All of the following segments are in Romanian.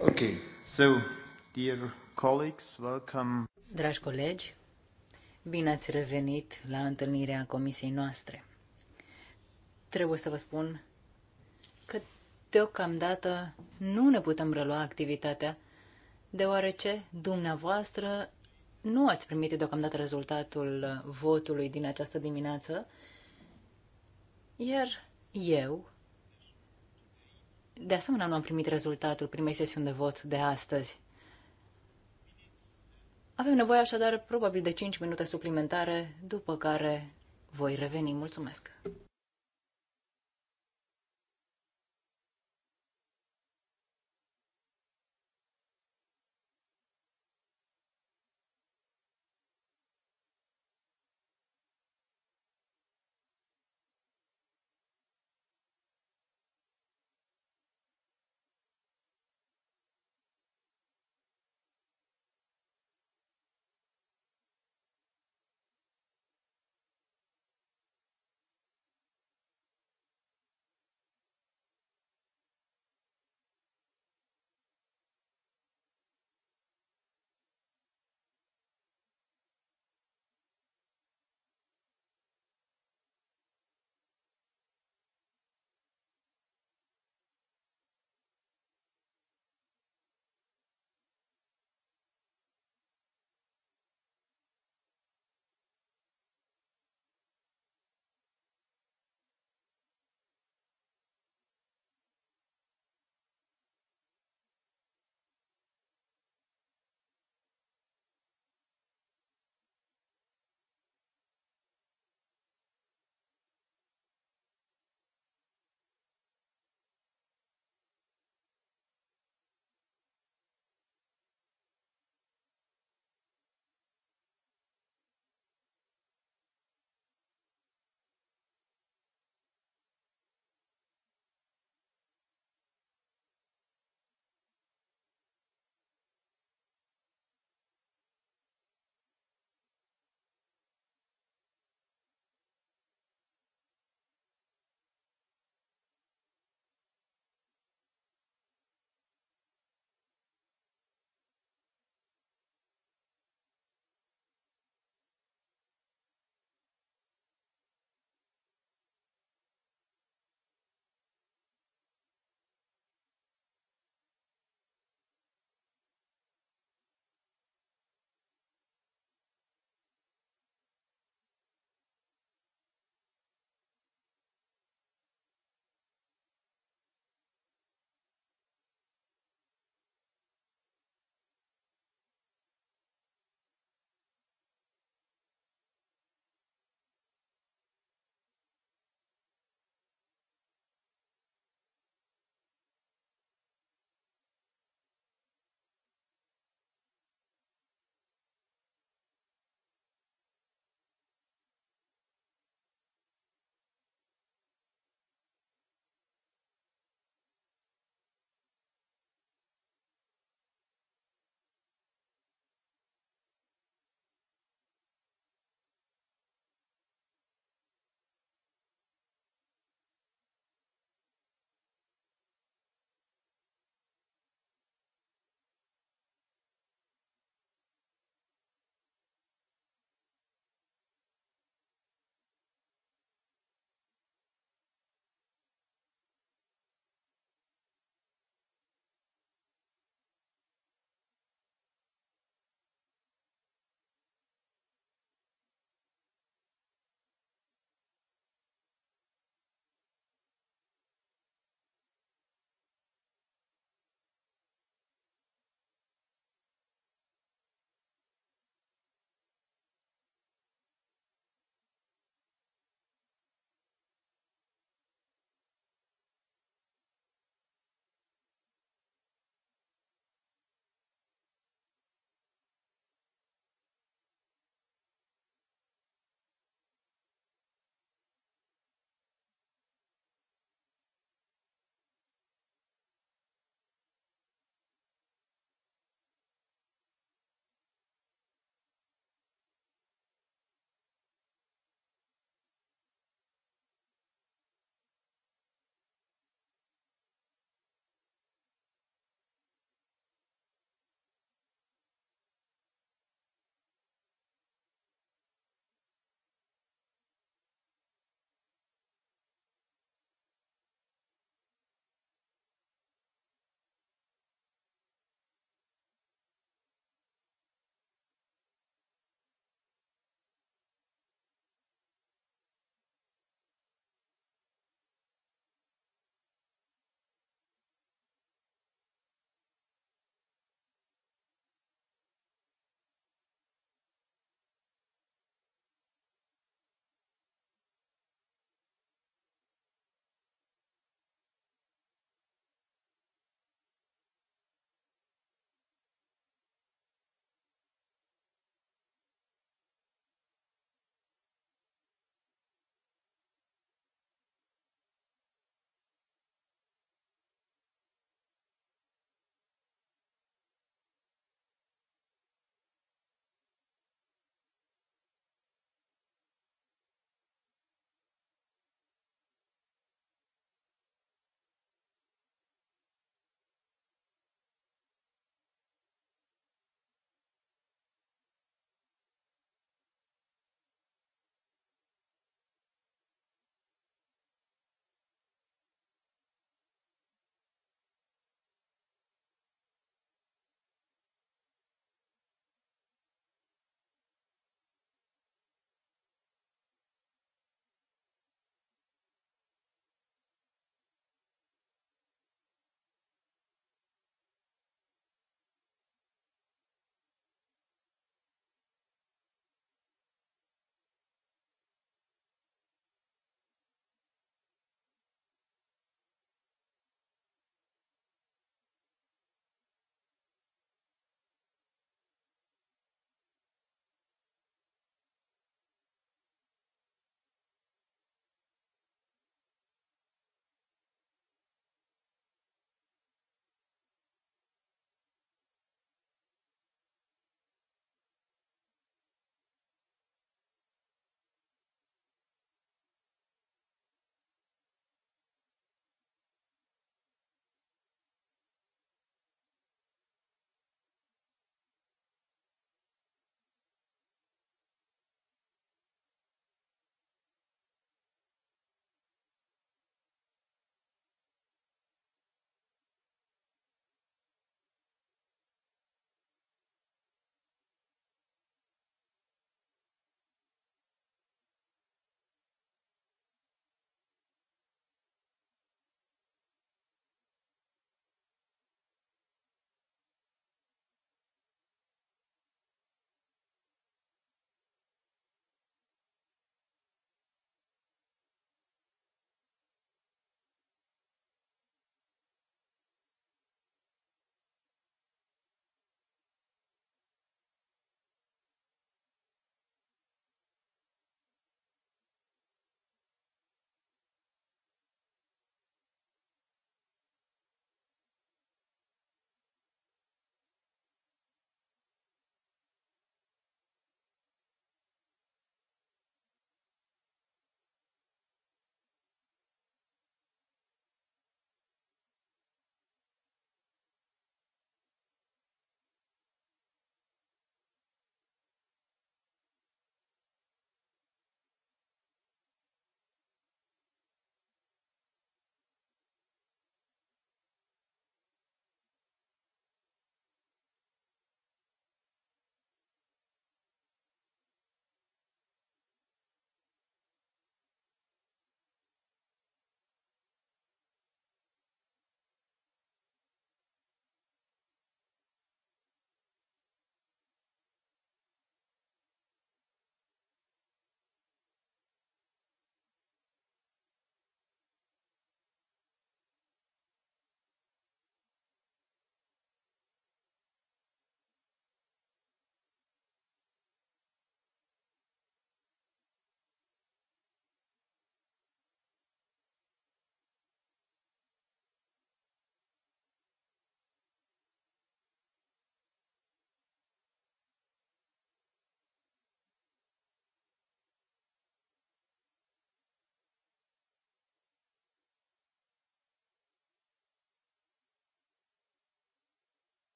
Ok, so, dear colleagues, welcome. Dragi colegi, bine ați revenit la întâlnirea comisiei noastre. Trebuie să vă spun că deocamdată nu ne putem relua activitatea, deoarece dumneavoastră nu ați primit deocamdată rezultatul votului din această dimineață, iar eu de asemenea, nu am primit rezultatul primei sesiuni de vot de astăzi. Avem nevoie așadar probabil de 5 minute suplimentare, după care voi reveni. Mulțumesc!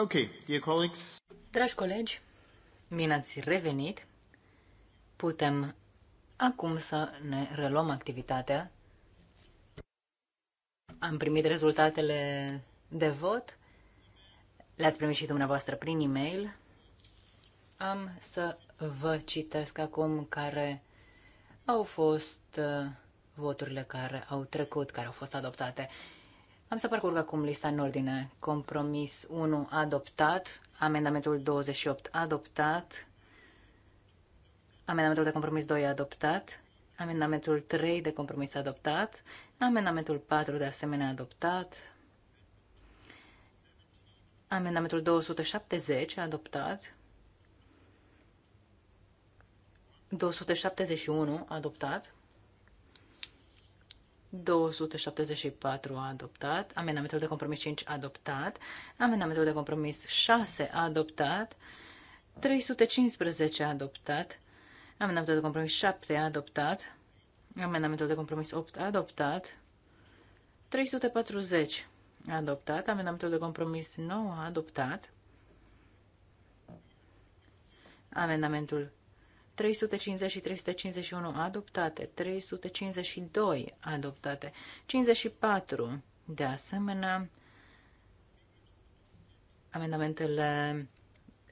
Ok, dear colleagues. Dragi colegi, bine ați revenit. Putem acum să ne reluăm activitatea. Am primit rezultatele de vot. Le-ați primit și dumneavoastră prin e-mail. Am să vă citesc acum care au fost uh, voturile care au trecut, care au fost adoptate. Am să parcurg acum lista în ordine. Compromis 1 adoptat, amendamentul 28 adoptat, amendamentul de compromis 2 adoptat, amendamentul 3 de compromis adoptat, amendamentul 4 de asemenea adoptat, amendamentul 270 adoptat, 271 adoptat, 274 adoptat, amendamentul de compromis 5 adoptat, amendamentul de compromis 6 adoptat, 315 adoptat, amendamentul de compromis 7 adoptat, amendamentul de compromis 8 adoptat, 340 adoptat, amendamentul de compromis 9 adoptat, amendamentul 350 și 351 adoptate, 352 adoptate, 54 de asemenea, amendamentele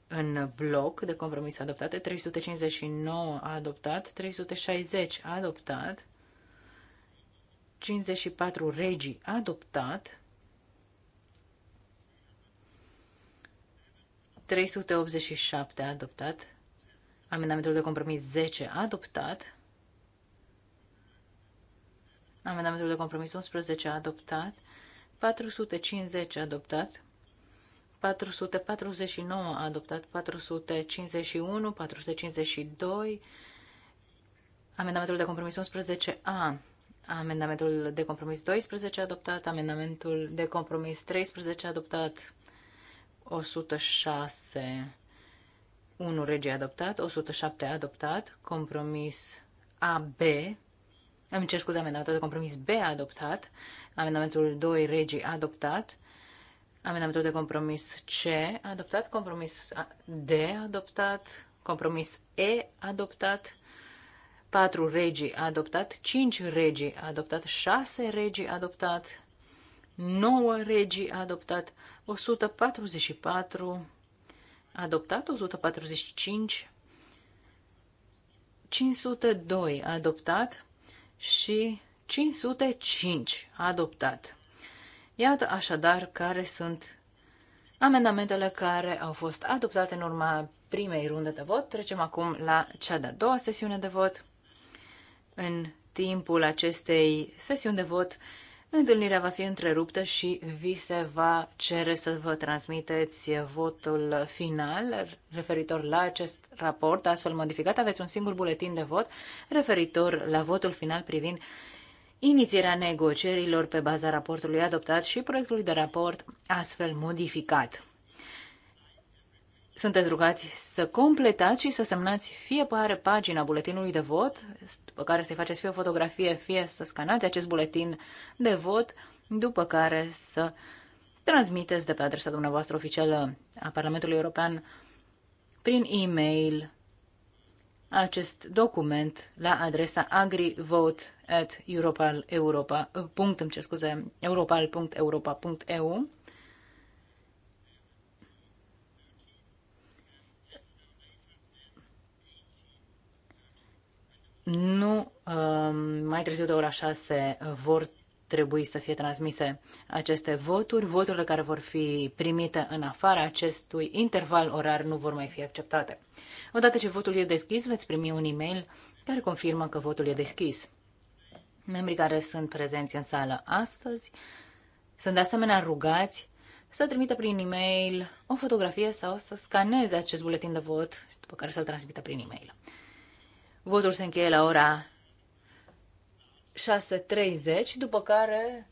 în bloc de compromis adoptate, 359 adoptat, 360 adoptat, 54 regii adoptat, 387 adoptat, Amendamentul de compromis 10 adoptat. Amendamentul de compromis 11 adoptat. 450 adoptat. 449 adoptat. 451, 452. Amendamentul de compromis 11A. Amendamentul de compromis 12 adoptat. Amendamentul de compromis 13 adoptat. 106 1 regie adoptat, 107 adoptat, compromis AB, îmi cer scuze, amendamentul de compromis B adoptat, amendamentul 2 regii adoptat, amendamentul de compromis C adoptat, compromis D adoptat, compromis E adoptat, 4 regii adoptat, 5 regii adoptat, 6 regii adoptat, 9 regii adoptat, 144 adoptat, 145, 502 adoptat și 505 adoptat. Iată așadar care sunt amendamentele care au fost adoptate în urma primei runde de vot. Trecem acum la cea de-a doua sesiune de vot. În timpul acestei sesiuni de vot Întâlnirea va fi întreruptă și vi se va cere să vă transmiteți votul final referitor la acest raport. Astfel modificat, aveți un singur buletin de vot referitor la votul final privind inițierea negocierilor pe baza raportului adoptat și proiectului de raport astfel modificat sunteți rugați să completați și să semnați fie fiecare pagina buletinului de vot, după care să-i faceți fie o fotografie, fie să scanați acest buletin de vot, după care să transmiteți de pe adresa dumneavoastră oficială a Parlamentului European prin e-mail acest document la adresa agrivote.europal.europa.eu. nu um, mai târziu de ora 6 vor trebui să fie transmise aceste voturi. Voturile care vor fi primite în afara acestui interval orar nu vor mai fi acceptate. Odată ce votul e deschis, veți primi un e-mail care confirmă că votul e deschis. Membrii care sunt prezenți în sală astăzi sunt de asemenea rugați să trimită prin e-mail o fotografie sau să scaneze acest buletin de vot, după care să-l transmită prin e-mail. Votul se încheie la ora 6.30, după care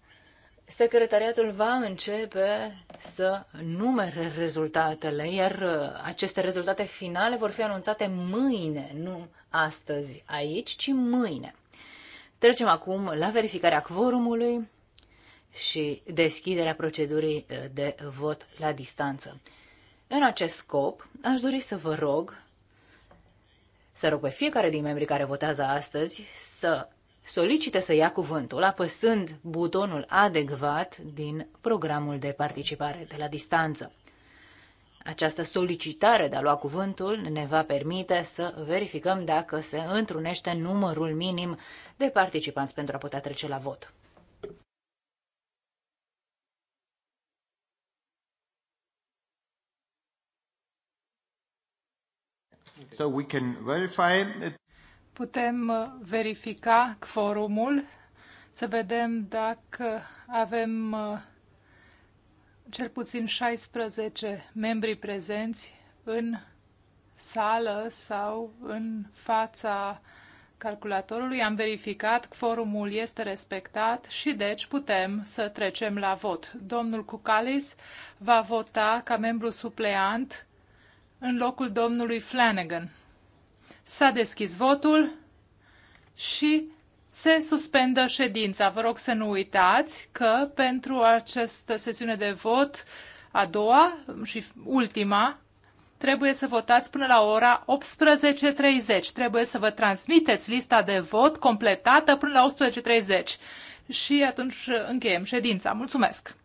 secretariatul va începe să numere rezultatele, iar uh, aceste rezultate finale vor fi anunțate mâine, nu astăzi aici, ci mâine. Trecem acum la verificarea quorumului și deschiderea procedurii uh, de vot la distanță. În acest scop, aș dori să vă rog să rog pe fiecare din membrii care votează astăzi să solicite să ia cuvântul apăsând butonul adecvat din programul de participare de la distanță. Această solicitare de a lua cuvântul ne va permite să verificăm dacă se întrunește numărul minim de participanți pentru a putea trece la vot. So we can verify it. Putem uh, verifica quorumul, să vedem dacă avem uh, cel puțin 16 membri prezenți în sală sau în fața calculatorului. Am verificat, că forumul este respectat și deci putem să trecem la vot. Domnul Cucalis va vota ca membru supleant în locul domnului Flanagan. S-a deschis votul și se suspendă ședința. Vă rog să nu uitați că pentru această sesiune de vot, a doua și ultima, trebuie să votați până la ora 18.30. Trebuie să vă transmiteți lista de vot completată până la 18.30. Și atunci încheiem ședința. Mulțumesc!